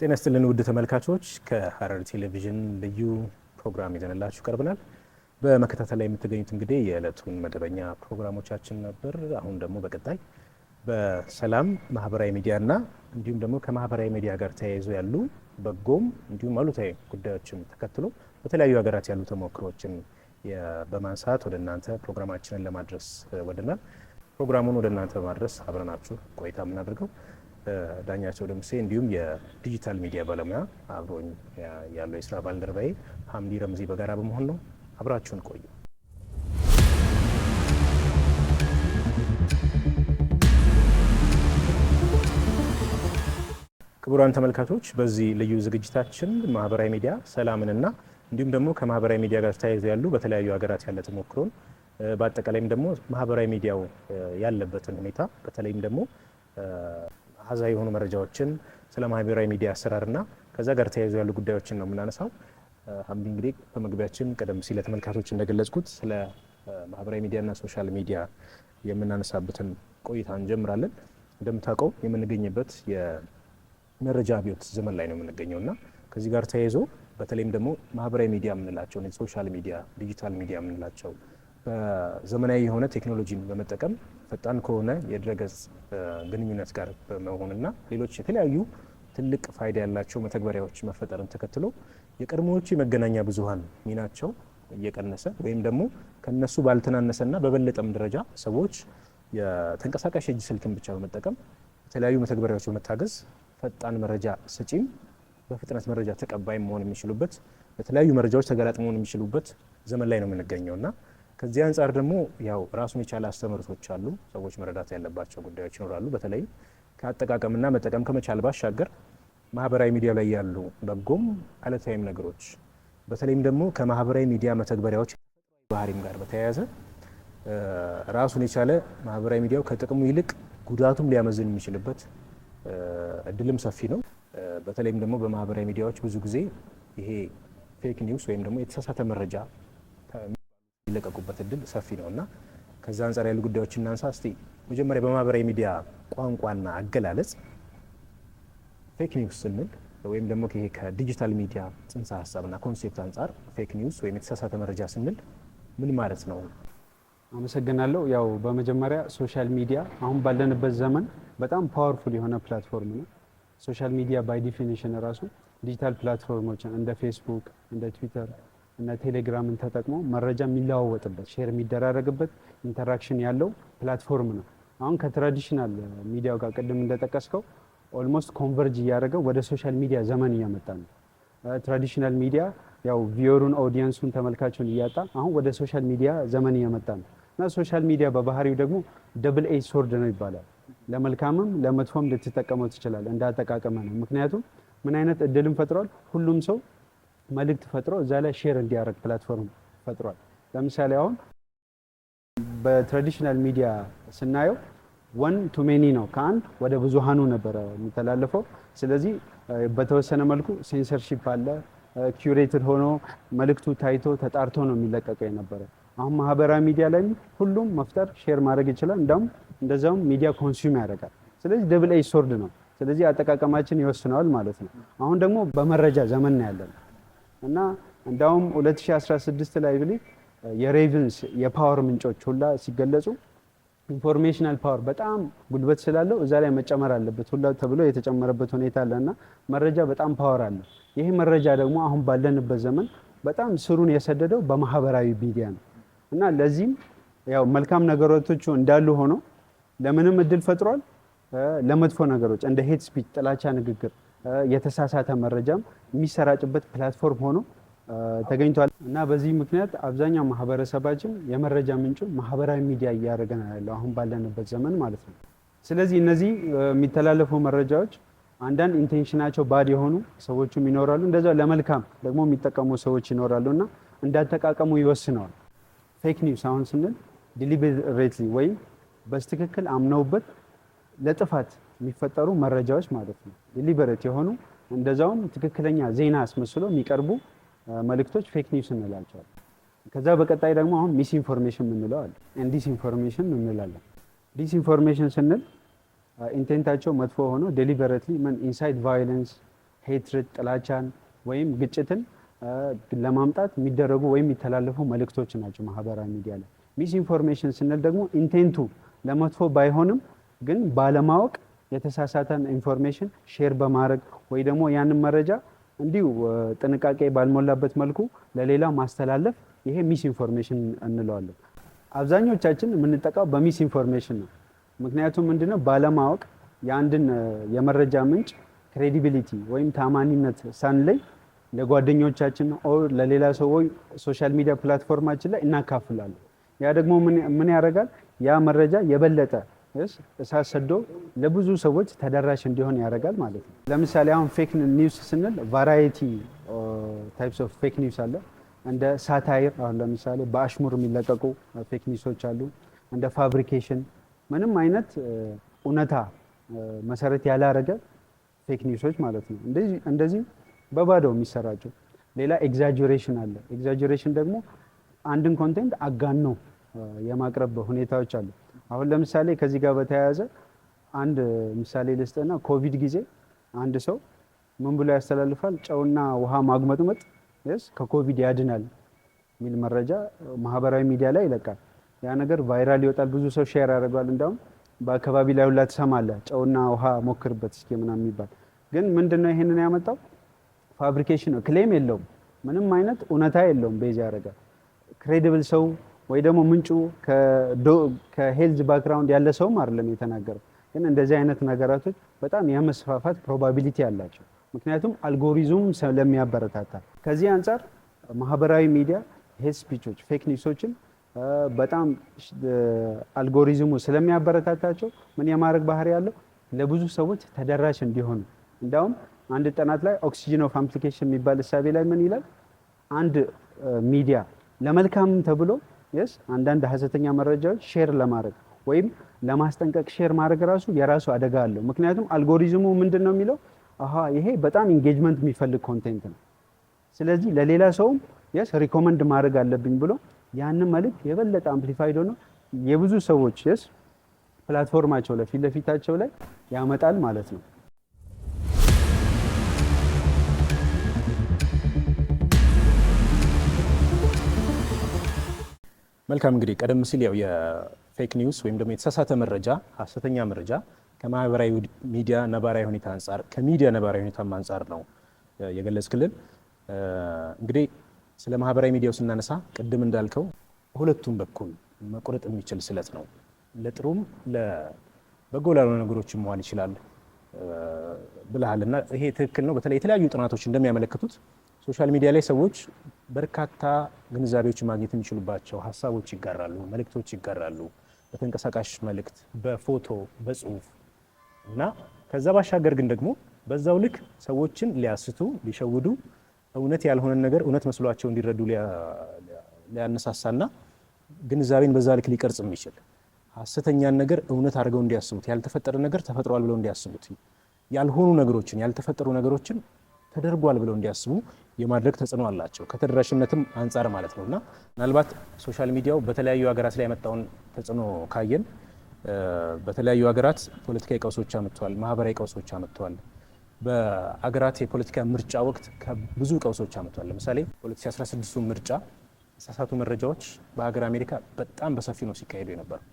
ጤና ይስጥልን ውድ ተመልካቾች፣ ከሐረሪ ቴሌቪዥን ልዩ ፕሮግራም ይዘንላችሁ ቀርበናል። በመከታተል ላይ የምትገኙት እንግዲህ የዕለቱን መደበኛ ፕሮግራሞቻችን ነበር። አሁን ደግሞ በቀጣይ በሰላም ማህበራዊ ሚዲያና እንዲሁም ደግሞ ከማህበራዊ ሚዲያ ጋር ተያይዞ ያሉ በጎም እንዲሁም አሉታዊ ጉዳዮችን ተከትሎ በተለያዩ ሀገራት ያሉ ተሞክሮችን በማንሳት ወደ እናንተ ፕሮግራማችንን ለማድረስ ወደናል። ፕሮግራሙን ወደ እናንተ በማድረስ አብረናችሁ ቆይታ የምናደርገው ዳኛቸው ደምሴ እንዲሁም የዲጂታል ሚዲያ ባለሙያ አብሮኝ ያለው የስራ ባልደረባዬ ሀምዲ ረምዚ በጋራ በመሆን ነው። አብራችሁን ቆዩ። ክቡራን ተመልካቾች በዚህ ልዩ ዝግጅታችን ማህበራዊ ሚዲያ ሰላምንና እንዲሁም ደግሞ ከማህበራዊ ሚዲያ ጋር ተያይዘው ያሉ በተለያዩ ሀገራት ያለ ተሞክሮን በአጠቃላይም ደግሞ ማህበራዊ ሚዲያው ያለበትን ሁኔታ በተለይም ደግሞ አሃዛዊ የሆኑ መረጃዎችን ስለ ማህበራዊ ሚዲያ አሰራርና ከዛ ጋር ተያይዞ ያሉ ጉዳዮችን ነው የምናነሳው። ሀምዲ እንግዲህ በመግቢያችን ቀደም ሲል ለተመልካቾች እንደገለጽኩት ስለ ማህበራዊ ሚዲያና ሶሻል ሚዲያ የምናነሳበትን ቆይታ እንጀምራለን። እንደምታውቀው የምንገኝበት የመረጃ አብዮት ዘመን ላይ ነው የምንገኘው እና ከዚህ ጋር ተያይዞ በተለይም ደግሞ ማህበራዊ ሚዲያ የምንላቸው ሶሻል ሚዲያ፣ ዲጂታል ሚዲያ የምንላቸው በዘመናዊ የሆነ ቴክኖሎጂን በመጠቀም ፈጣን ከሆነ የድረገጽ ግንኙነት ጋር በመሆንና ሌሎች የተለያዩ ትልቅ ፋይዳ ያላቸው መተግበሪያዎች መፈጠርን ተከትሎ የቀድሞዎቹ የመገናኛ ብዙሀን ሚናቸው እየቀነሰ ወይም ደግሞ ከነሱ ባልተናነሰና በበለጠም ደረጃ ሰዎች የተንቀሳቃሽ እጅ ስልክን ብቻ በመጠቀም የተለያዩ መተግበሪያዎች በመታገዝ ፈጣን መረጃ ሰጪም በፍጥነት መረጃ ተቀባይ መሆን የሚችሉበት ለተለያዩ መረጃዎች ተጋላጥ መሆን የሚችሉበት ዘመን ላይ ነው የምንገኘው እና ከዚህ አንጻር ደግሞ ያው ራሱን የቻለ አስተምህርቶች አሉ። ሰዎች መረዳት ያለባቸው ጉዳዮች ይኖራሉ። በተለይ ከአጠቃቀምና መጠቀም ከመቻል ባሻገር ማህበራዊ ሚዲያ ላይ ያሉ በጎም አለታዊም ነገሮች በተለይም ደግሞ ከማህበራዊ ሚዲያ መተግበሪያዎች ባህሪም ጋር በተያያዘ ራሱን የቻለ ማህበራዊ ሚዲያው ከጥቅሙ ይልቅ ጉዳቱም ሊያመዝን የሚችልበት እድልም ሰፊ ነው። በተለይም ደግሞ በማህበራዊ ሚዲያዎች ብዙ ጊዜ ይሄ ፌክ ኒውስ ወይም ደግሞ የተሳሳተ መረጃ የሚለቀቁበት እድል ሰፊ ነው እና ከዛ አንጻር ያሉ ጉዳዮች እናንሳ እስቲ። መጀመሪያ በማህበራዊ ሚዲያ ቋንቋና አገላለጽ ፌክ ኒውስ ስንል ወይም ደግሞ ይሄ ከዲጂታል ሚዲያ ጽንሰ ሀሳብና ኮንሴፕት አንጻር ፌክ ኒውስ ወይም የተሳሳተ መረጃ ስንል ምን ማለት ነው? አመሰግናለሁ። ያው በመጀመሪያ ሶሻል ሚዲያ አሁን ባለንበት ዘመን በጣም ፓወርፉል የሆነ ፕላትፎርም ነው። ሶሻል ሚዲያ ባይ ዲፊኒሽን ራሱ ዲጂታል ፕላትፎርሞችን እንደ ፌስቡክ፣ እንደ ትዊተር እና ቴሌግራምን ተጠቅሞ መረጃ የሚለዋወጥበት ሼር የሚደራረግበት ኢንተራክሽን ያለው ፕላትፎርም ነው። አሁን ከትራዲሽናል ሚዲያው ጋር ቅድም እንደጠቀስከው ኦልሞስት ኮንቨርጅ እያደረገ ወደ ሶሻል ሚዲያ ዘመን እያመጣ ነው። ትራዲሽናል ሚዲያ ያው ቪዮሩን ኦዲየንሱን ተመልካቹን እያጣ አሁን ወደ ሶሻል ሚዲያ ዘመን እያመጣ ነው እና ሶሻል ሚዲያ በባህሪው ደግሞ ደብል ኤጅ ሶርድ ነው ይባላል። ለመልካምም ለመጥፎም ልትጠቀመው ትችላል፣ እንዳጠቃቀመ ነው። ምክንያቱም ምን አይነት እድልም ፈጥሯል ሁሉም ሰው መልእክት ፈጥሮ እዛ ላይ ሼር እንዲያደርግ ፕላትፎርም ፈጥሯል። ለምሳሌ አሁን በትራዲሽናል ሚዲያ ስናየው ወን ቱ ሜኒ ነው፣ ከአንድ ወደ ብዙሃኑ ነበረ የሚተላለፈው። ስለዚህ በተወሰነ መልኩ ሴንሰርሺፕ አለ። ኪዩሬትድ ሆኖ መልእክቱ ታይቶ ተጣርቶ ነው የሚለቀቀው የነበረ። አሁን ማህበራዊ ሚዲያ ላይ ሁሉም መፍጠር ሼር ማድረግ ይችላል። እንዲሁም እንደዚያውም ሚዲያ ኮንሱም ያደርጋል። ስለዚህ ደብል ኤጅ ሶርድ ነው። ስለዚህ አጠቃቀማችን ይወስነዋል ማለት ነው። አሁን ደግሞ በመረጃ ዘመን ነው ያለነው። እና እንዳውም 2016 ላይ ብሊ የሬቭንስ የፓወር ምንጮች ሁላ ሲገለጹ ኢንፎርሜሽናል ፓወር በጣም ጉልበት ስላለው እዛ ላይ መጨመር አለበት ሁላ ተብሎ የተጨመረበት ሁኔታ አለ እና መረጃ በጣም ፓወር አለ። ይሄ መረጃ ደግሞ አሁን ባለንበት ዘመን በጣም ስሩን የሰደደው በማህበራዊ ሚዲያ ነው እና ለዚህም ያው መልካም ነገሮቹ እንዳሉ ሆኖ ለምንም እድል ፈጥሯል። ለመጥፎ ነገሮች እንደ ሄት ስፒች ጥላቻ ንግግር የተሳሳተ መረጃም የሚሰራጭበት ፕላትፎርም ሆኖ ተገኝቷል እና በዚህ ምክንያት አብዛኛው ማህበረሰባችን የመረጃ ምንጩ ማህበራዊ ሚዲያ እያደረገን ያለው አሁን ባለንበት ዘመን ማለት ነው። ስለዚህ እነዚህ የሚተላለፉ መረጃዎች አንዳንድ ኢንቴንሽናቸው ባድ የሆኑ ሰዎችም ይኖራሉ፣ እንደዛ ለመልካም ደግሞ የሚጠቀሙ ሰዎች ይኖራሉ እና እንዳጠቃቀሙ ይወስነዋል። ፌክ ኒውስ አሁን ስንል ዲሊቤሬትሊ ወይም በስትክክል አምነውበት ለጥፋት የሚፈጠሩ መረጃዎች ማለት ነው። ሊበረት የሆኑ እንደዛውም ትክክለኛ ዜና አስመስሎ የሚቀርቡ መልእክቶች ፌክ ኒውስ እንላቸዋል። ከዛ በቀጣይ ደግሞ አሁን ሚስ ኢንፎርሜሽን የምንለው አለ፣ ዲስ ኢንፎርሜሽን እንላለን። ዲስ ኢንፎርሜሽን ስንል ኢንቴንታቸው መጥፎ ሆኖ ዴሊቨረትሊ ምን ኢንሳይድ ቫዮለንስ ሄትሪት ጥላቻን ወይም ግጭትን ለማምጣት የሚደረጉ ወይም የሚተላለፉ መልእክቶች ናቸው ማህበራዊ ሚዲያ ላይ። ሚስ ኢንፎርሜሽን ስንል ደግሞ ኢንቴንቱ ለመጥፎ ባይሆንም ግን ባለማወቅ የተሳሳተን ኢንፎርሜሽን ሼር በማድረግ ወይ ደግሞ ያንን መረጃ እንዲሁ ጥንቃቄ ባልሞላበት መልኩ ለሌላ ማስተላለፍ ይሄ ሚስ ኢንፎርሜሽን እንለዋለን። አብዛኞቻችን የምንጠቃው በሚስ ኢንፎርሜሽን ነው። ምክንያቱም ምንድነው ባለማወቅ የአንድን የመረጃ ምንጭ ክሬዲቢሊቲ ወይም ታማኒነት ሳንለይ ለጓደኞቻችን ኦር ለሌላ ሰው ሶሻል ሚዲያ ፕላትፎርማችን ላይ እናካፍላለን። ያ ደግሞ ምን ያደርጋል? ያ መረጃ የበለጠ ስ እሳት ሰዶ ለብዙ ሰዎች ተደራሽ እንዲሆን ያደርጋል ማለት ነው። ለምሳሌ አሁን ፌክ ኒውስ ስንል ቫራይቲ ታይፕስ ኦፍ ፌክ ኒውስ አለ። እንደ ሳታይር አሁን ለምሳሌ በአሽሙር የሚለቀቁ ፌክ uh, ኒውሶች አሉ። እንደ ፋብሪኬሽን ምንም አይነት uh, እውነታ uh, መሰረት ያላረገ ፌክ ኒውሶች ማለት ነው። እንደዚህ በባዶ የሚሰራጩ ሌላ ኤግዛጀሬሽን አለ። ኤግዛጀሬሽን ደግሞ አንድን ኮንቴንት ነው የማቅረብ ሁኔታዎች አሉ። አሁን ለምሳሌ ከዚህ ጋር በተያያዘ አንድ ምሳሌ ልስጥና ኮቪድ ጊዜ አንድ ሰው ምን ብሎ ያስተላልፋል? ጨውና ውሃ ማግመጥመጥ ስ ከኮቪድ ያድናል የሚል መረጃ ማህበራዊ ሚዲያ ላይ ይለቃል። ያ ነገር ቫይራል ይወጣል፣ ብዙ ሰው ሼር ያደርገዋል። እንዳውም በአካባቢ ላይ ሁላ ትሰማለህ፣ ጨውና ውሃ ሞክርበት እስኪ ምናምን የሚባል ግን ምንድን ነው ይሄንን ያመጣው? ፋብሪኬሽን ነው። ክሌም የለውም፣ ምንም አይነት እውነታ የለውም። ቤዝ ያደርጋል ክሬዲብል ሰው ወይ ደግሞ ምንጩ ከሄልዝ ባክግራውንድ ያለ ሰውም አይደለም የተናገረው። ግን እንደዚህ አይነት ነገራቶች በጣም የመስፋፋት ፕሮባቢሊቲ አላቸው፣ ምክንያቱም አልጎሪዝሙም ስለሚያበረታታ። ከዚህ አንጻር ማህበራዊ ሚዲያ ሄት ስፒቾች፣ ፌክ ኒውሶችን በጣም አልጎሪዝሙ ስለሚያበረታታቸው ምን የማድረግ ባህሪ ያለው ለብዙ ሰዎች ተደራሽ እንዲሆኑ። እንዲያውም አንድ ጥናት ላይ ኦክሲጅን ኦፍ አምፕሊኬሽን የሚባል እሳቤ ላይ ምን ይላል አንድ ሚዲያ ለመልካም ተብሎ የስ አንዳንድ ሀሰተኛ መረጃዎች ሼር ለማድረግ ወይም ለማስጠንቀቅ ሼር ማድረግ ራሱ የራሱ አደጋ አለው። ምክንያቱም አልጎሪዝሙ ምንድን ነው የሚለው አሀ ይሄ በጣም ኢንጌጅመንት የሚፈልግ ኮንቴንት ነው፣ ስለዚህ ለሌላ ሰውም የስ ሪኮመንድ ማድረግ አለብኝ ብሎ ያንን መልእክት የበለጠ አምፕሊፋይድ ሆኖ የብዙ ሰዎች የስ ፕላትፎርማቸው ላይ ፊት ለፊታቸው ላይ ያመጣል ማለት ነው። መልካም እንግዲህ ቀደም ሲል ያው የፌክ ኒውስ ወይም ደግሞ የተሳሳተ መረጃ ሀሰተኛ መረጃ ከማህበራዊ ሚዲያ ነባራዊ ሁኔታ አንጻር ከሚዲያ ነባራዊ ሁኔታ አንጻር ነው የገለጽ ክልል እንግዲህ ስለ ማህበራዊ ሚዲያው ስናነሳ ቅድም እንዳልከው ሁለቱም በኩል መቁረጥ የሚችል ስለት ነው። ለጥሩም ለበጎ ላልሆነ መዋል ይችላል እና ይሄ ትክክል ነው። በተለይ የተለያዩ ጥናቶች እንደሚያመለክቱት ሶሻል ሚዲያ ላይ ሰዎች በርካታ ግንዛቤዎች ማግኘት የሚችሉባቸው ሀሳቦች ይጋራሉ፣ መልእክቶች ይጋራሉ፣ በተንቀሳቃሽ መልእክት፣ በፎቶ፣ በጽሁፍ እና ከዛ ባሻገር ግን ደግሞ በዛው ልክ ሰዎችን ሊያስቱ፣ ሊሸውዱ እውነት ያልሆነን ነገር እውነት መስሏቸው እንዲረዱ ሊያነሳሳና ግንዛቤን በዛ ልክ ሊቀርጽ የሚችል ሀሰተኛን ነገር እውነት አድርገው እንዲያስቡት፣ ያልተፈጠረ ነገር ተፈጥሯል ብለው እንዲያስቡት፣ ያልሆኑ ነገሮችን ያልተፈጠሩ ነገሮችን ተደርጓል ብለው እንዲያስቡ የማድረግ ተጽዕኖ አላቸው፣ ከተደራሽነትም አንጻር ማለት ነው። እና ምናልባት ሶሻል ሚዲያው በተለያዩ ሀገራት ላይ ያመጣውን ተጽዕኖ ካየን በተለያዩ ሀገራት ፖለቲካዊ ቀውሶች አምጥተዋል፣ ማህበራዊ ቀውሶች አምጥተዋል። በአገራት የፖለቲካ ምርጫ ወቅት ብዙ ቀውሶች አምጥተዋል። ለምሳሌ 2016ቱ ምርጫ የተሳሳቱ መረጃዎች በሀገር አሜሪካ በጣም በሰፊው ነው ሲካሄዱ የነበረው።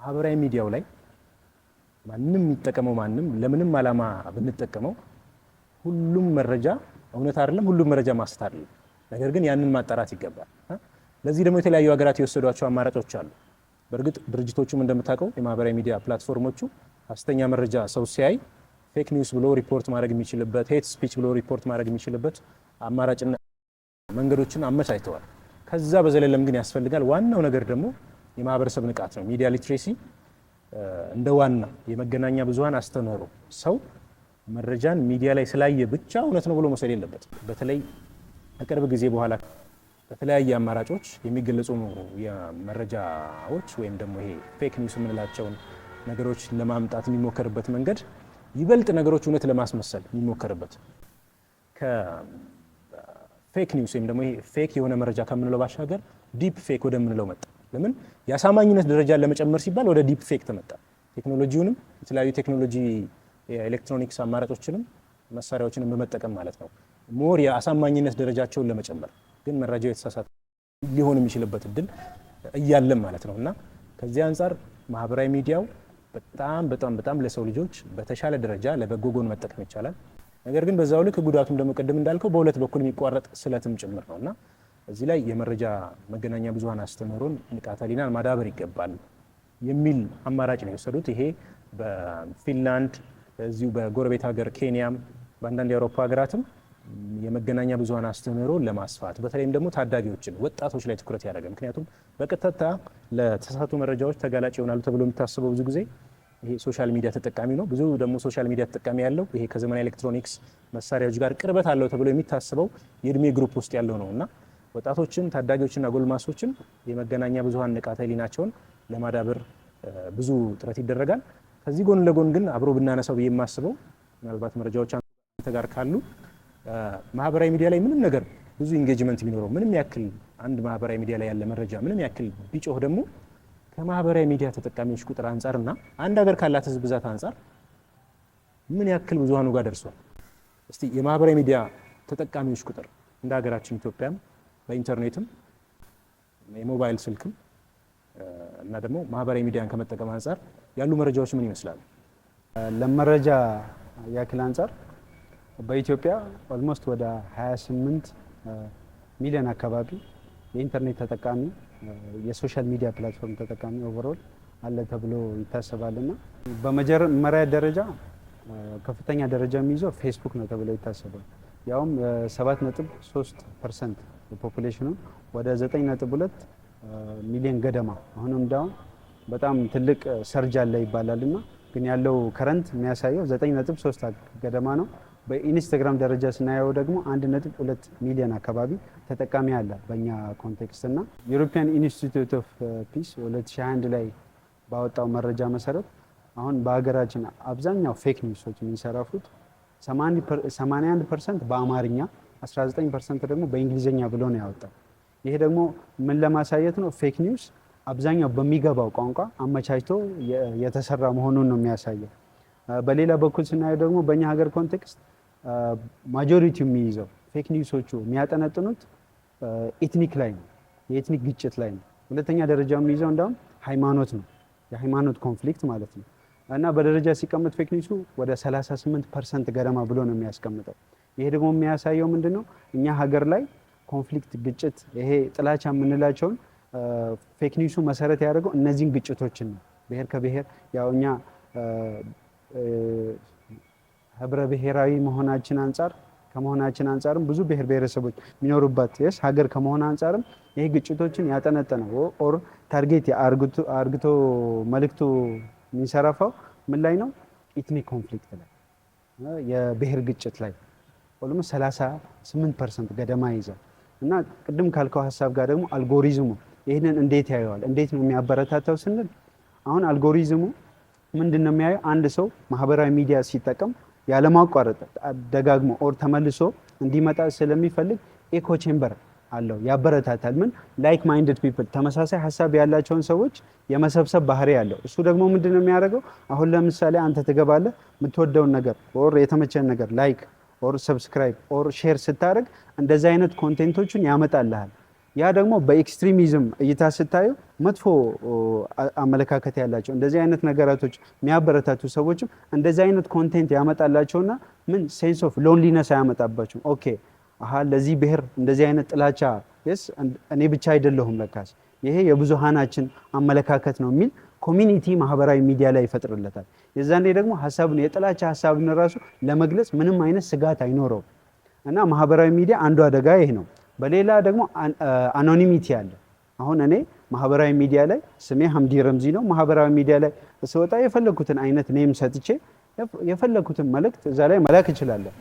ማህበራዊ ሚዲያው ላይ ማንም የሚጠቀመው ማንም ለምንም አላማ ብንጠቀመው ሁሉም መረጃ እውነት አይደለም፣ ሁሉም መረጃ ማስት አይደለም። ነገር ግን ያንን ማጣራት ይገባል። ለዚህ ደግሞ የተለያዩ ሀገራት የወሰዷቸው አማራጮች አሉ። በእርግጥ ድርጅቶቹም እንደምታውቀው የማህበራዊ ሚዲያ ፕላትፎርሞቹ ሐሰተኛ መረጃ ሰው ሲያይ ፌክ ኒውስ ብሎ ሪፖርት ማድረግ የሚችልበት፣ ሄት ስፒች ብሎ ሪፖርት ማድረግ የሚችልበት አማራጭና መንገዶችን አመቻችተዋል። ከዛ በዘለለም ግን ያስፈልጋል። ዋናው ነገር ደግሞ የማህበረሰብ ንቃት ነው። ሚዲያ ሊትሬሲ እንደ ዋና የመገናኛ ብዙሀን አስተምህሮ ሰው መረጃን ሚዲያ ላይ ስላየ ብቻ እውነት ነው ብሎ መውሰድ የለበትም። በተለይ ከቅርብ ጊዜ በኋላ በተለያየ አማራጮች የሚገለጹ የመረጃዎች ወይም ደግሞ ይሄ ፌክ ኒውስ የምንላቸውን ነገሮች ለማምጣት የሚሞከርበት መንገድ ይበልጥ ነገሮች እውነት ለማስመሰል የሚሞከርበት ከፌክ ኒውስ ወይም ደግሞ ይሄ ፌክ የሆነ መረጃ ከምንለው ባሻገር ዲፕ ፌክ ወደምንለው መጣ። ለምን የአሳማኝነት ደረጃን ለመጨመር ሲባል ወደ ዲፕ ፌክ ተመጣ። ቴክኖሎጂውንም የተለያዩ ቴክኖሎጂ የኤሌክትሮኒክስ አማራጮችንም መሳሪያዎችንም በመጠቀም ማለት ነው ሞር የአሳማኝነት ደረጃቸውን ለመጨመር ግን መረጃው የተሳሳተ ሊሆን የሚችልበት እድል እያለም ማለት ነው እና ከዚህ አንጻር ማህበራዊ ሚዲያው በጣም በጣም በጣም ለሰው ልጆች በተሻለ ደረጃ ለበጎ ጎን መጠቀም ይቻላል። ነገር ግን በዛው ልክ ጉዳቱም ደግሞ ቅድም እንዳልከው በሁለት በኩል የሚቋረጥ ስለትም ጭምር ነው እና እዚህ ላይ የመረጃ መገናኛ ብዙሀን አስተምህሮን ንቃተ ሕሊናን ማዳበር ይገባል የሚል አማራጭ ነው የወሰዱት። ይሄ በፊንላንድ እዚሁ በጎረቤት ሀገር ኬንያም በአንዳንድ የአውሮፓ ሀገራትም የመገናኛ ብዙሀን አስተምህሮ ለማስፋት በተለይም ደግሞ ታዳጊዎችን ወጣቶች ላይ ትኩረት ያደረገ ምክንያቱም በቀጥታ ለተሳሳቱ መረጃዎች ተጋላጭ ይሆናሉ ተብሎ የሚታስበው ብዙ ጊዜ ይሄ ሶሻል ሚዲያ ተጠቃሚ ነው። ብዙ ደግሞ ሶሻል ሚዲያ ተጠቃሚ ያለው ይሄ ከዘመናዊ ኤሌክትሮኒክስ መሳሪያዎች ጋር ቅርበት አለው ተብሎ የሚታስበው የእድሜ ግሩፕ ውስጥ ያለው ነው እና ወጣቶችን ታዳጊዎችና ጎልማሶችን የመገናኛ ብዙሀን ንቃተ ሕሊናቸውን ለማዳበር ብዙ ጥረት ይደረጋል። ከዚህ ጎን ለጎን ግን አብሮ ብናነሳው ብዬ የማስበው ምናልባት መረጃዎች አንተ ጋር ካሉ ማህበራዊ ሚዲያ ላይ ምንም ነገር ብዙ ኢንጌጅመንት ቢኖረው ምንም ያክል አንድ ማህበራዊ ሚዲያ ላይ ያለ መረጃ ምንም ያክል ቢጮህ ደግሞ ከማህበራዊ ሚዲያ ተጠቃሚዎች ቁጥር አንጻር እና አንድ ሀገር ካላት ህዝብ ብዛት አንጻር ምን ያክል ብዙሃኑ ጋር ደርሷል? እስቲ የማህበራዊ ሚዲያ ተጠቃሚዎች ቁጥር እንደ ሀገራችን ኢትዮጵያም በኢንተርኔትም የሞባይል ስልክም እና ደግሞ ማህበራዊ ሚዲያን ከመጠቀም አንጻር ያሉ መረጃዎች ምን ይመስላሉ? ለመረጃ ያክል አንጻር በኢትዮጵያ ኦልሞስት ወደ 28 ሚሊዮን አካባቢ የኢንተርኔት ተጠቃሚ የሶሻል ሚዲያ ፕላትፎርም ተጠቃሚ ኦቨሮል አለ ተብሎ ና በመጀመሪያ ደረጃ ከፍተኛ ደረጃ የሚይዘው ፌስቡክ ነው ተብሎ ይታሰባል። ያውም 7.3 ፐርሰንት ፖፑሌሽኑ ወደ 9.2 ሚሊዮን ገደማ አሁንም ዳውን በጣም ትልቅ ሰርጅ አለ ይባላል እና ግን ያለው ከረንት የሚያሳየው ሶስት ገደማ ነው። በኢንስታግራም ደረጃ ስናየው ደግሞ አንድ ሁለት ሚሊዮን አካባቢ ተጠቃሚ አለ በእኛ ኮንቴክስት እና ዩሮፒያን ኢንስቲትዩት ኦፍ ፒስ 2021 ላይ ባወጣው መረጃ መሰረት አሁን በሀገራችን አብዛኛው ፌክ ኒውሶች የሚንሰራፉት 81 ፐርሰንት በአማርኛ 19 ፐርሰንት ደግሞ በእንግሊዝኛ ብሎ ነው ያወጣው። ይሄ ደግሞ ምን ለማሳየት ነው ፌክ ኒውስ አብዛኛው በሚገባው ቋንቋ አመቻችቶ የተሰራ መሆኑን ነው የሚያሳየው። በሌላ በኩል ስናየው ደግሞ በእኛ ሀገር ኮንቴክስት ማጆሪቲ የሚይዘው ፌክ ኒውሶቹ የሚያጠነጥኑት ኤትኒክ ላይ ነው፣ የኤትኒክ ግጭት ላይ ነው። ሁለተኛ ደረጃ የሚይዘው እንዳውም ሃይማኖት ነው፣ የሃይማኖት ኮንፍሊክት ማለት ነው። እና በደረጃ ሲቀመጥ ፌክ ኒውሱ ወደ 38 ፐርሰንት ገደማ ብሎ ነው የሚያስቀምጠው። ይሄ ደግሞ የሚያሳየው ምንድን ነው እኛ ሀገር ላይ ኮንፍሊክት፣ ግጭት፣ ይሄ ጥላቻ የምንላቸውን ፌክ ኒውሱ መሰረት ያደርገው እነዚህን ግጭቶችን ነው። ብሔር ከብሔር ያው እኛ ህብረ ብሔራዊ መሆናችን አንጻር ከመሆናችን አንጻርም ብዙ ብሔር ብሔረሰቦች የሚኖሩበት ስ ሀገር ከመሆን አንጻርም ይህ ግጭቶችን ያጠነጠነ ኦር ታርጌት አርግቶ መልእክቱ የሚንሰራፋው ምን ላይ ነው? ኢትኒክ ኮንፍሊክት ላይ የብሔር ግጭት ላይ ኦልሞ 38 ፐርሰንት ገደማ ይይዛል። እና ቅድም ካልከው ሀሳብ ጋር ደግሞ አልጎሪዝሙ ይህንን እንዴት ያየዋል? እንዴት ነው የሚያበረታታው ስንል አሁን አልጎሪዝሙ ምንድን ነው የሚያየው? አንድ ሰው ማህበራዊ ሚዲያ ሲጠቀም ያለማቋረጥ ደጋግሞ ኦር ተመልሶ እንዲመጣ ስለሚፈልግ ኤኮ ቼምበር አለው፣ ያበረታታል። ምን ላይክ ማይንድድ ፒፕል ተመሳሳይ ሀሳብ ያላቸውን ሰዎች የመሰብሰብ ባህሪ አለው። እሱ ደግሞ ምንድን ነው የሚያደርገው? አሁን ለምሳሌ አንተ ትገባለህ የምትወደውን ነገር ኦር የተመቸን ነገር ላይክ ኦር ሰብስክራይብ ኦር ሼር ስታደርግ እንደዚህ አይነት ኮንቴንቶቹን ያመጣልሃል። ያ ደግሞ በኤክስትሪሚዝም እይታ ስታዩ መጥፎ አመለካከት ያላቸው እንደዚህ አይነት ነገራቶች የሚያበረታቱ ሰዎችም እንደዚህ አይነት ኮንቴንት ያመጣላቸውና ምን ሴንስ ኦፍ ሎንሊነስ አያመጣባቸውም። ኦኬ አሃ ለዚህ ብሔር እንደዚህ አይነት ጥላቻ ስ እኔ ብቻ አይደለሁም ለካስ ይሄ የብዙሃናችን አመለካከት ነው የሚል ኮሚኒቲ ማህበራዊ ሚዲያ ላይ ይፈጥርለታል። የዛኔ ደግሞ ሀሳብን የጥላቻ ሀሳብን ራሱ ለመግለጽ ምንም አይነት ስጋት አይኖረውም እና ማህበራዊ ሚዲያ አንዱ አደጋ ይሄ ነው። በሌላ ደግሞ አኖኒሚቲ አለ። አሁን እኔ ማህበራዊ ሚዲያ ላይ ስሜ ሀምዲ ረምዚ ነው። ማህበራዊ ሚዲያ ላይ ስወጣ የፈለግኩትን አይነት ኔም ሰጥቼ የፈለግኩትን መልእክት እዛ ላይ መላክ እችላለሁ።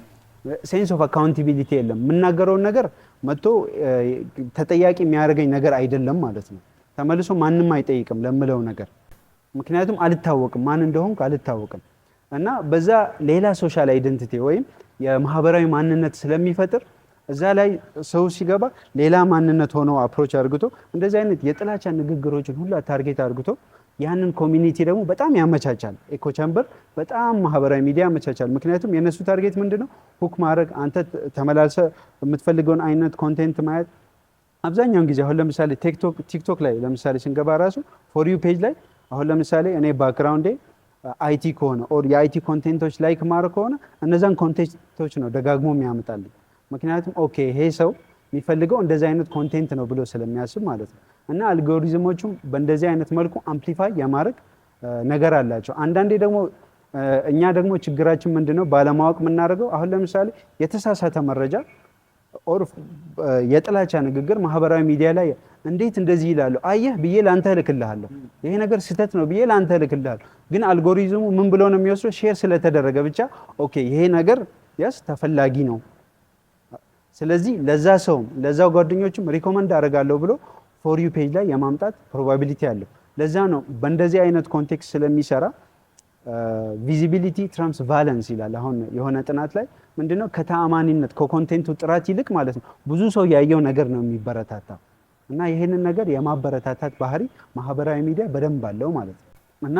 ሴንስ ኦፍ አካውንቲቢሊቲ የለም። የምናገረውን ነገር መጥቶ ተጠያቂ የሚያደርገኝ ነገር አይደለም ማለት ነው። ተመልሶ ማንም አይጠይቅም ለምለው ነገር ምክንያቱም አልታወቅም፣ ማን እንደሆንኩ አልታወቅም። እና በዛ ሌላ ሶሻል አይደንቲቲ ወይም የማህበራዊ ማንነት ስለሚፈጥር እዛ ላይ ሰው ሲገባ ሌላ ማንነት ሆኖ አፕሮች አርግቶ እንደዚህ አይነት የጥላቻ ንግግሮችን ሁላ ታርጌት አድርግቶ ያንን ኮሚኒቲ ደግሞ በጣም ያመቻቻል። ኤኮ ቻምበር በጣም ማህበራዊ ሚዲያ ያመቻቻል። ምክንያቱም የእነሱ ታርጌት ምንድን ነው? ሁክ ማድረግ፣ አንተ ተመላልሰ የምትፈልገውን አይነት ኮንቴንት ማየት። አብዛኛውን ጊዜ አሁን ለምሳሌ ቲክቶክ ላይ ለምሳሌ ስንገባ ራሱ ፎር ዩ ፔጅ ላይ አሁን ለምሳሌ እኔ ባክግራውንዴ አይቲ ከሆነ ኦር የአይቲ ኮንቴንቶች ላይክ ማድረግ ከሆነ እነዛን ኮንቴንቶች ነው ደጋግሞ የሚያመጣልኝ ምክንያቱም ኦኬ ይሄ ሰው የሚፈልገው እንደዚህ አይነት ኮንቴንት ነው ብሎ ስለሚያስብ ማለት ነው። እና አልጎሪዝሞቹም በእንደዚህ አይነት መልኩ አምፕሊፋይ የማድረግ ነገር አላቸው። አንዳንዴ ደግሞ እኛ ደግሞ ችግራችን ምንድነው ባለማወቅ የምናደርገው አሁን ለምሳሌ የተሳሳተ መረጃ ኦር የጥላቻ ንግግር ማህበራዊ ሚዲያ ላይ እንዴት እንደዚህ ይላሉ አየህ ብዬ ለአንተ እልክልሃለሁ፣ ይሄ ነገር ስህተት ነው ብዬ ለአንተ እልክልሃለሁ። ግን አልጎሪዝሙ ምን ብሎ ነው የሚወስደው? ሼር ስለተደረገ ብቻ ኦኬ ይሄ ነገር ያስ ተፈላጊ ነው ስለዚህ ለዛ ሰውም ለዛው ጓደኞችም ሪኮመንድ አደርጋለሁ ብሎ ፎር ዩ ፔጅ ላይ የማምጣት ፕሮባቢሊቲ አለው። ለዛ ነው በእንደዚህ አይነት ኮንቴክስት ስለሚሰራ ቪዚቢሊቲ ትራንስ ቫለንስ ይላል። አሁን የሆነ ጥናት ላይ ምንድነው ከተአማኒነት ከኮንቴንቱ ጥራት ይልቅ ማለት ነው ብዙ ሰው ያየው ነገር ነው የሚበረታታ እና ይህንን ነገር የማበረታታት ባህሪ ማህበራዊ ሚዲያ በደንብ አለው ማለት ነው እና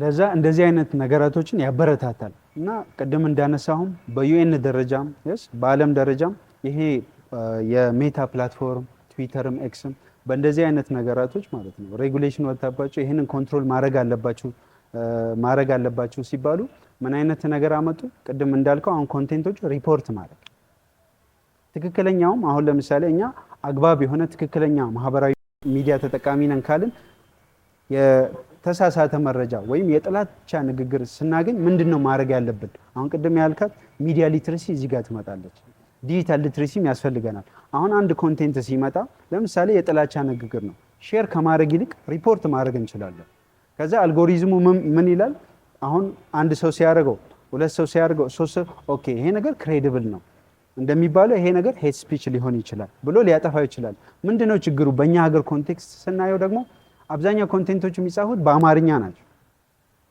ለዛ እንደዚህ አይነት ነገራቶችን ያበረታታል። እና ቅድም እንዳነሳሁም በዩኤን ደረጃም ስ በዓለም ደረጃም ይሄ የሜታ ፕላትፎርም ትዊተርም ኤክስም በእንደዚህ አይነት ነገራቶች ማለት ነው ሬጉሌሽን ወጥታባቸው ይህንን ኮንትሮል ማድረግ አለባቸው ማድረግ ሲባሉ ምን አይነት ነገር አመጡ? ቅድም እንዳልከው አሁን ኮንቴንቶች ሪፖርት ማድረግ ትክክለኛውም አሁን ለምሳሌ እኛ አግባብ የሆነ ትክክለኛ ማህበራዊ ሚዲያ ተጠቃሚ ነን ካልን ተሳሳተ መረጃ ወይም የጥላቻ ንግግር ስናገኝ ምንድን ነው ማድረግ ያለብን? አሁን ቅድም ያልካት ሚዲያ ሊትሬሲ እዚህ ጋር ትመጣለች። ዲጂታል ሊትሬሲም ያስፈልገናል። አሁን አንድ ኮንቴንት ሲመጣ ለምሳሌ የጥላቻ ንግግር ነው፣ ሼር ከማድረግ ይልቅ ሪፖርት ማድረግ እንችላለን። ከዛ አልጎሪዝሙ ምን ይላል? አሁን አንድ ሰው ሲያደርገው፣ ሁለት ሰው ሲያደርገው፣ ሶስት ሰው ኦኬ፣ ይሄ ነገር ክሬዲብል ነው እንደሚባለው ይሄ ነገር ሄት ስፒች ሊሆን ይችላል ብሎ ሊያጠፋው ይችላል። ምንድነው ችግሩ? በእኛ ሀገር ኮንቴክስት ስናየው ደግሞ አብዛኛው ኮንቴንቶች የሚጻፉት በአማርኛ ናቸው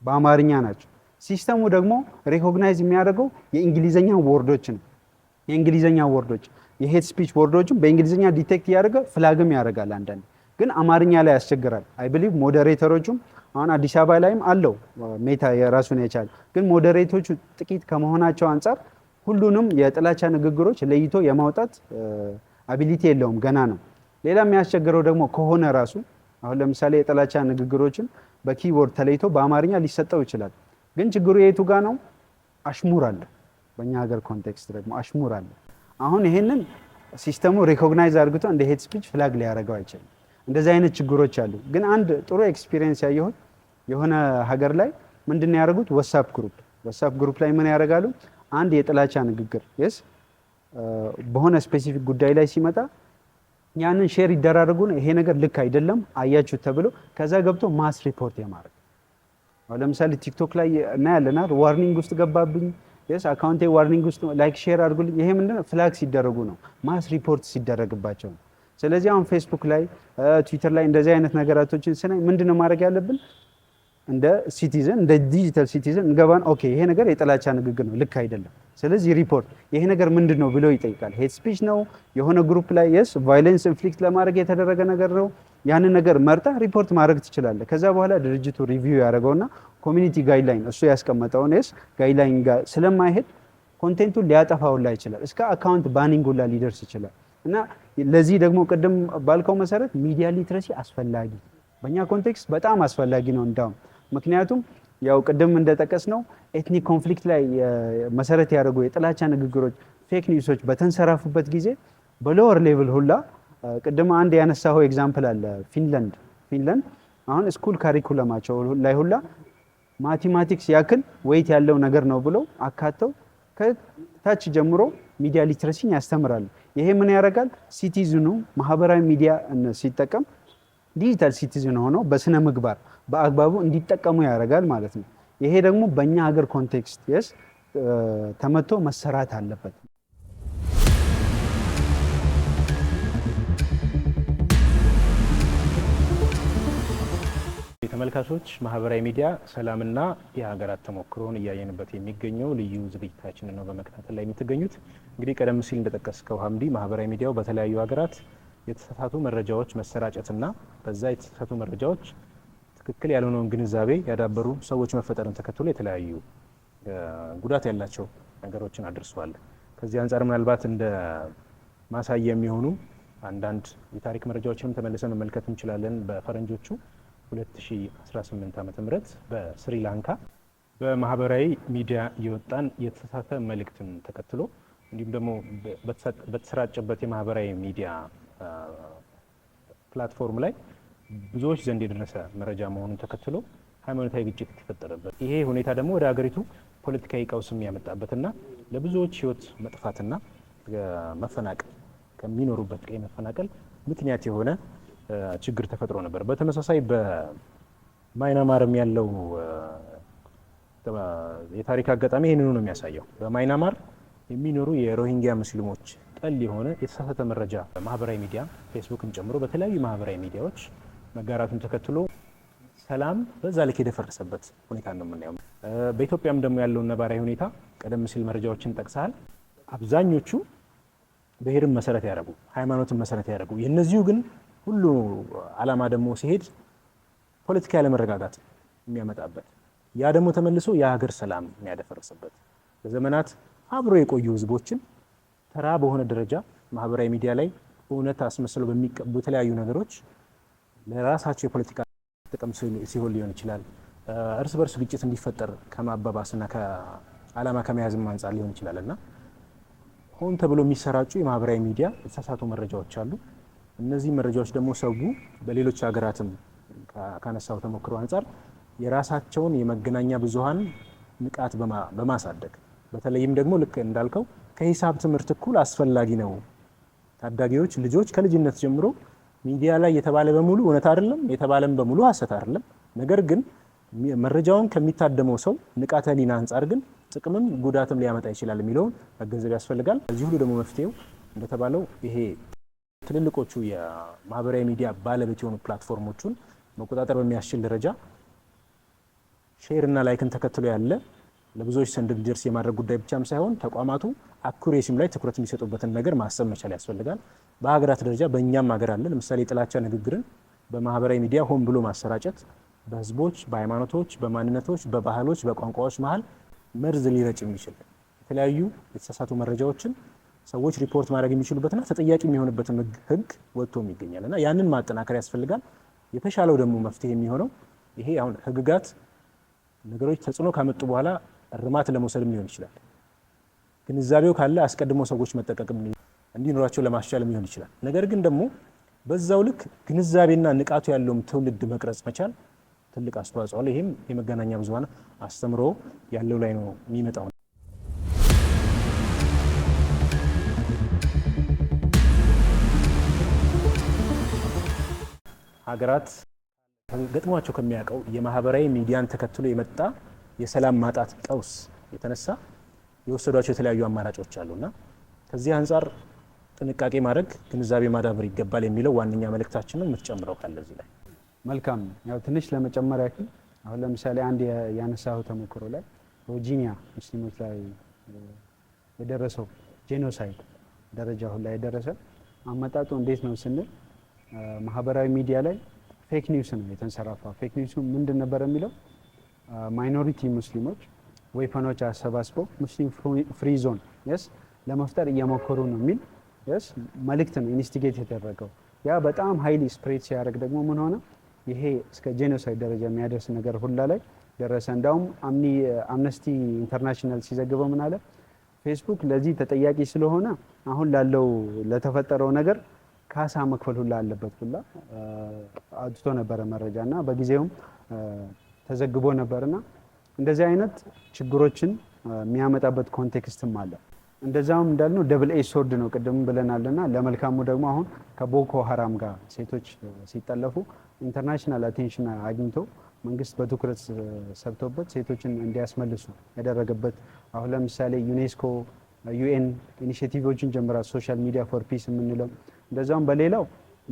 በአማርኛ ናቸው። ሲስተሙ ደግሞ ሪኮግናይዝ የሚያደርገው የእንግሊዝኛ ነው የእንግሊዝኛ ወርዶች የሄት ስፒች ወርዶችም በእንግሊዝኛ ዲቴክት እያደረገ ፍላግም ያደርጋል። አንዳንድ ግን አማርኛ ላይ ያስቸግራል። አይ ብሊቭ ሞዴሬተሮቹም አሁን አዲስ አበባ ላይም አለው ሜታ የራሱን የቻለ ግን ሞዴሬቶቹ ጥቂት ከመሆናቸው አንጻር ሁሉንም የጥላቻ ንግግሮች ለይቶ የማውጣት አቢሊቲ የለውም፣ ገና ነው። ሌላ የሚያስቸግረው ደግሞ ከሆነ ራሱ አሁን ለምሳሌ የጥላቻ ንግግሮችን በኪቦርድ ተለይቶ በአማርኛ ሊሰጠው ይችላል። ግን ችግሩ የቱ ጋ ነው? አሽሙር አለ። በእኛ ሀገር ኮንቴክስት ደግሞ አሽሙር አለ። አሁን ይሄንን ሲስተሙ ሪኮግናይዝ አድርግቶ እንደ ሄት ስፒች ፍላግ ሊያደርገው አይችልም። እንደዚህ አይነት ችግሮች አሉ። ግን አንድ ጥሩ ኤክስፒሪየንስ ያየሁት የሆነ ሀገር ላይ ምንድን ያደርጉት ያደረጉት? ወሳፕ ግሩፕ ወሳፕ ግሩፕ ላይ ምን ያደርጋሉ? አንድ የጥላቻ ንግግር ስ በሆነ ስፔሲፊክ ጉዳይ ላይ ሲመጣ ያንን ሼር ነው። ይሄ ነገር ልክ አይደለም አያችሁ ተብሎ ከዛ ገብቶ ማስ ሪፖርት የማድረግ ለምሳሌ ቲክቶክ ላይ እናያለናል። ዋርኒንግ ውስጥ ገባብኝ ስ አካውንቴ ዋርኒንግ ውስጥ ላይክ ሼር አድርጉልኝ። ይሄ ምንድነው ፍላግ ሲደረጉ ነው፣ ማስ ሪፖርት ሲደረግባቸው ነው። ስለዚህ አሁን ፌስቡክ ላይ ትዊተር ላይ እንደዚህ አይነት ነገራቶችን ስናይ ምንድነው ማድረግ ያለብን? እንደ ሲቲዝን እንደ ዲጂታል ሲቲዝን እንገባን። ኦኬ ይሄ ነገር የጥላቻ ንግግር ነው፣ ልክ አይደለም። ስለዚህ ሪፖርት ይሄ ነገር ምንድን ነው ብሎ ይጠይቃል። ሄት ስፒች ነው የሆነ ግሩፕ ላይ የስ ቫይለንስ ኢንፍሊክት ለማድረግ የተደረገ ነገር ነው። ያንን ነገር መርጣ ሪፖርት ማድረግ ትችላለ ከዛ በኋላ ድርጅቱ ሪቪው ያደረገውና ኮሚኒቲ ጋይድላይን እሱ ያስቀመጠውን የስ ጋይድላይን ጋር ስለማይሄድ ኮንቴንቱን ሊያጠፋ ይችላል። እስከ አካውንት ባኒንግ ላ ሊደርስ ይችላል። እና ለዚህ ደግሞ ቅድም ባልከው መሰረት ሚዲያ ሊትረሲ አስፈላጊ፣ በእኛ ኮንቴክስት በጣም አስፈላጊ ነው እንዳውም ምክንያቱም ያው ቅድም እንደጠቀስ ነው ኤትኒክ ኮንፍሊክት ላይ መሰረት ያደረጉ የጥላቻ ንግግሮች፣ ፌክ ኒውሶች በተንሰራፉበት ጊዜ በሎወር ሌቭል ሁላ ቅድም አንድ ያነሳው ኤግዛምፕል አለ። ፊንላንድ ፊንላንድ አሁን ስኩል ካሪኩለማቸው ላይ ሁላ ማቴማቲክስ ያክል ወይት ያለው ነገር ነው ብለው አካተው ከታች ጀምሮ ሚዲያ ሊትረሲን ያስተምራሉ። ይሄ ምን ያደርጋል? ሲቲዝኑ ማህበራዊ ሚዲያ ሲጠቀም ዲጂታል ሲቲዝን ሆነው በስነ ምግባር በአግባቡ እንዲጠቀሙ ያደርጋል ማለት ነው። ይሄ ደግሞ በእኛ ሀገር ኮንቴክስት የስ ተመቶ መሰራት አለበት። ተመልካቾች ማህበራዊ ሚዲያ ሰላምና የሀገራት ተሞክሮን እያየንበት የሚገኘው ልዩ ዝግጅታችንን ነው በመከታተል ላይ የምትገኙት። እንግዲህ ቀደም ሲል እንደጠቀስከው ሀምዲ ማህበራዊ ሚዲያው በተለያዩ ሀገራት የተሳሳቱ መረጃዎች መሰራጨትና በዛ የተሳሳቱ መረጃዎች ትክክል ያልሆነውን ግንዛቤ ያዳበሩ ሰዎች መፈጠርን ተከትሎ የተለያዩ ጉዳት ያላቸው ነገሮችን አድርሰዋል። ከዚህ አንጻር ምናልባት እንደ ማሳያ የሚሆኑ አንዳንድ የታሪክ መረጃዎችንም ተመልሰን መመልከት እንችላለን። በፈረንጆቹ 2018 ዓ ም በስሪላንካ በማህበራዊ ሚዲያ የወጣን የተሳተ መልእክትን ተከትሎ እንዲሁም ደግሞ በተሰራጨበት የማህበራዊ ሚዲያ ፕላትፎርም ላይ ብዙዎች ዘንድ የደረሰ መረጃ መሆኑን ተከትሎ ሃይማኖታዊ ግጭት የተፈጠረበት ይሄ ሁኔታ ደግሞ ወደ ሀገሪቱ ፖለቲካዊ ቀውስ የሚያመጣበትና ለብዙዎች ህይወት መጥፋትና መፈናቀል ከሚኖሩበት ቀይ መፈናቀል ምክንያት የሆነ ችግር ተፈጥሮ ነበር። በተመሳሳይ በማይናማርም ያለው የታሪክ አጋጣሚ ይህንኑ ነው የሚያሳየው። በማይናማር የሚኖሩ የሮሂንጊያ ሙስሊሞች ጠል የሆነ የተሳሳተ መረጃ ማህበራዊ ሚዲያ ፌስቡክን ጨምሮ በተለያዩ ማህበራዊ ሚዲያዎች መጋራቱን ተከትሎ ሰላም በዛ ልክ የደፈረሰበት ሁኔታ ነው የምናየው። በኢትዮጵያም ደግሞ ያለውን ነባራዊ ሁኔታ ቀደም ሲል መረጃዎችን ጠቅሰሃል። አብዛኞቹ ብሔርን መሰረት ያደረጉ ሃይማኖትን መሰረት ያደረጉ የእነዚሁ ግን ሁሉ አላማ ደግሞ ሲሄድ ፖለቲካ ያለመረጋጋት የሚያመጣበት ያ ደግሞ ተመልሶ የሀገር ሰላም የሚያደፈረሰበት በዘመናት አብሮ የቆዩ ህዝቦችን ተራ በሆነ ደረጃ ማህበራዊ ሚዲያ ላይ እውነት አስመስለው በሚቀቡ የተለያዩ ነገሮች ለራሳቸው የፖለቲካ ጥቅም ሲሆን ሊሆን ይችላል። እርስ በርስ ግጭት እንዲፈጠር ከማባባስና ከአላማ ከመያዝም አንጻር ሊሆን ይችላል እና ሆን ተብሎ የሚሰራጩ የማህበራዊ ሚዲያ የተሳሳቱ መረጃዎች አሉ። እነዚህ መረጃዎች ደግሞ ሰው በሌሎች ሀገራትም ካነሳው ተሞክሮ አንጻር የራሳቸውን የመገናኛ ብዙሀን ንቃት በማሳደግ በተለይም ደግሞ ልክ እንዳልከው ከሂሳብ ትምህርት እኩል አስፈላጊ ነው። ታዳጊዎች ልጆች ከልጅነት ጀምሮ ሚዲያ ላይ የተባለ በሙሉ እውነት አይደለም፣ የተባለም በሙሉ ሀሰት አይደለም። ነገር ግን መረጃውን ከሚታደመው ሰው ንቃተ ህሊና አንጻር ግን ጥቅምም ጉዳትም ሊያመጣ ይችላል የሚለውን መገንዘብ ያስፈልጋል። እዚህ ሁሉ ደግሞ መፍትሄው እንደተባለው ይሄ ትልልቆቹ የማህበራዊ ሚዲያ ባለቤት የሆኑ ፕላትፎርሞቹን መቆጣጠር በሚያስችል ደረጃ ሼር እና ላይክን ተከትሎ ያለ ለብዙዎች ዘንድ እንዲደርስ የማድረግ ጉዳይ ብቻም ሳይሆን ተቋማቱ አኩሬሲም ላይ ትኩረት የሚሰጡበትን ነገር ማሰብ መቻል ያስፈልጋል። በሀገራት ደረጃ በእኛም ሀገር አለ። ለምሳሌ የጥላቻ ንግግርን በማህበራዊ ሚዲያ ሆን ብሎ ማሰራጨት በህዝቦች፣ በሃይማኖቶች፣ በማንነቶች፣ በባህሎች፣ በቋንቋዎች መሀል መርዝ ሊረጭ የሚችል የተለያዩ የተሳሳቱ መረጃዎችን ሰዎች ሪፖርት ማድረግ የሚችሉበትና ተጠያቂ የሚሆንበትን ህግ ወጥቶም ይገኛል እና ያንን ማጠናከር ያስፈልጋል። የተሻለው ደግሞ መፍትሄ የሚሆነው ይሄ አሁን ህግጋት ነገሮች ተጽዕኖ ካመጡ በኋላ እርማት ለመውሰድም ሊሆን ይችላል። ግንዛቤው ካለ አስቀድሞ ሰዎች መጠቀቅም እንዲኖራቸው ለማስቻልም ሊሆን ይችላል። ነገር ግን ደግሞ በዛው ልክ ግንዛቤና ንቃቱ ያለውም ትውልድ መቅረጽ መቻል ትልቅ አስተዋጽኦ አለ። ይህም የመገናኛ ብዙሃን አስተምሮ ያለው ላይ ነው የሚመጣው። ሀገራት ገጥሟቸው ከሚያውቀው የማህበራዊ ሚዲያን ተከትሎ የመጣ የሰላም ማጣት ቀውስ የተነሳ የወሰዷቸው የተለያዩ አማራጮች አሉና ከዚህ አንጻር ጥንቃቄ ማድረግ ግንዛቤ ማዳበር ይገባል የሚለው ዋነኛ መልእክታችን ነው። የምትጨምረው ካለ እዚህ ላይ መልካም። ያው ትንሽ ለመጨመር ያክል አሁን ለምሳሌ አንድ ያነሳው ተሞክሮ ላይ ሮጂኒያ ሙስሊሞች ላይ የደረሰው ጄኖሳይድ ደረጃ አሁን ላይ የደረሰ አመጣጡ እንዴት ነው ስንል ማህበራዊ ሚዲያ ላይ ፌክ ኒውስ ነው የተንሰራፋ። ፌክ ኒውሱ ምንድን ነበር የሚለው ማይኖሪቲ ሙስሊሞች ወይፈኖች አሰባስበው ሙስሊም ፍሪ ዞን የስ ለመፍጠር እየሞከሩ ነው የሚል መልእክት ነው ኢንስቲጌት የተደረገው። ያ በጣም ሀይሊ ስፕሬድ ሲያደርግ ደግሞ ምን ሆነ ይሄ እስከ ጄኖሳይድ ደረጃ የሚያደርስ ነገር ሁላ ላይ ደረሰ። እንዳውም አምነስቲ ኢንተርናሽናል ሲዘግበው ምን አለ ፌስቡክ ለዚህ ተጠያቂ ስለሆነ አሁን ላለው ለተፈጠረው ነገር ካሳ መክፈል ሁላ አለበት ሁላ አውጥቶ ነበረ መረጃ እና በጊዜውም ተዘግቦ ነበርና እንደዚህ አይነት ችግሮችን የሚያመጣበት ኮንቴክስትም አለ። እንደዛም እንዳልነው ደብል ኤጅ ሶርድ ነው ቅድም ብለናልና ለመልካሙ ደግሞ አሁን ከቦኮ ሀራም ጋር ሴቶች ሲጠለፉ ኢንተርናሽናል አቴንሽን አግኝቶ መንግስት በትኩረት ሰብቶበት ሴቶችን እንዲያስመልሱ ያደረገበት አሁን ለምሳሌ ዩኔስኮ ዩኤን ኢኒሽቲቭዎችን ጀምራ ሶሻል ሚዲያ ፎር ፒስ የምንለው እንደዛም በሌላው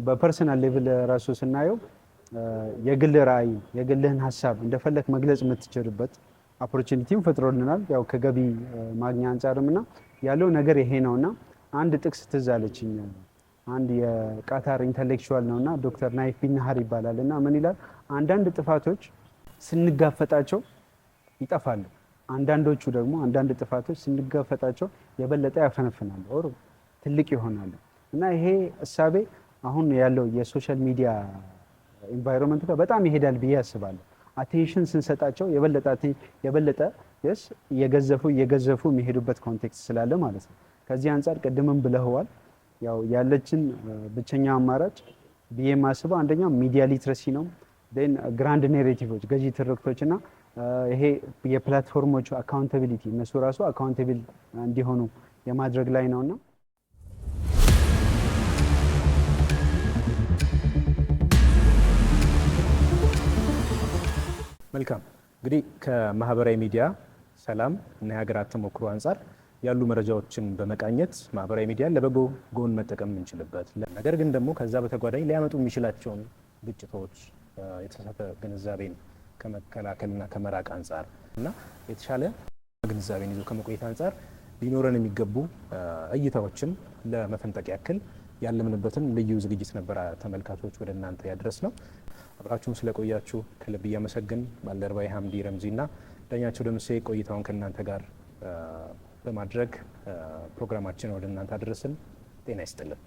በፐርሰናል ሌቭል ራሱ ስናየው የግል ራእይ የግልህን ሀሳብ እንደፈለግ መግለጽ የምትችልበት ኦፖርቹኒቲም ፈጥሮልናል ያው ከገቢ ማግኛ አንጻርም ና ያለው ነገር ይሄ ነውና አንድ ጥቅስ ትዝ አለችኝ። አንድ የቃታር ኢንተሌክቹዋል ነውና ዶክተር ናይፍ ቢናሃር ይባላል እና ምን ይላል? አንዳንድ ጥፋቶች ስንጋፈጣቸው ይጠፋሉ፣ አንዳንዶቹ ደግሞ አንዳንድ ጥፋቶች ስንጋፈጣቸው የበለጠ ያፈነፍናሉ ኦር ትልቅ ይሆናሉ። እና ይሄ እሳቤ አሁን ያለው የሶሻል ሚዲያ ኢንቫይሮንመንት ጋር በጣም ይሄዳል ብዬ አስባለሁ። አቴንሽን ስንሰጣቸው የበለጠ ስ እየገዘፉ እየገዘፉ የሚሄዱበት ኮንቴክስት ስላለ ማለት ነው። ከዚህ አንጻር ቅድምም ብለህዋል። ያው ያለችን ብቸኛ አማራጭ ብዬ ማስበው አንደኛ ሚዲያ ሊትረሲ ነው። ን ግራንድ ኔሬቲቮች፣ ገዢ ትርክቶች እና ይሄ የፕላትፎርሞቹ አካውንታቢሊቲ እነሱ ራሱ አካውንታብል እንዲሆኑ የማድረግ ላይ ነውና መልካም እንግዲህ ከማህበራዊ ሚዲያ ሰላም እና የሀገራት ተሞክሮ አንጻር ያሉ መረጃዎችን በመቃኘት ማህበራዊ ሚዲያን ለበጎ ጎን መጠቀም የምንችልበት ነገር ግን ደግሞ ከዛ በተጓዳኝ ሊያመጡ የሚችላቸውን ግጭቶች፣ የተሳሳተ ግንዛቤን ከመከላከልና ከመራቅ አንጻር እና የተሻለ ግንዛቤን ይዞ ከመቆየት አንጻር ሊኖረን የሚገቡ እይታዎችን ለመፈንጠቅ ያክል ያለምንበትን ልዩ ዝግጅት ነበረ ተመልካቾች ወደ እናንተ ያድረስ ነው። አብራችሁም ስለቆያችሁ ከልብ እያመሰግን ባልደረባዊ ሀምዲ ረምዚና ዳኛቸው ደምሴ ቆይታውን ከእናንተ ጋር በማድረግ ፕሮግራማችን ወደ እናንተ አድረስን። ጤና ይስጥልን።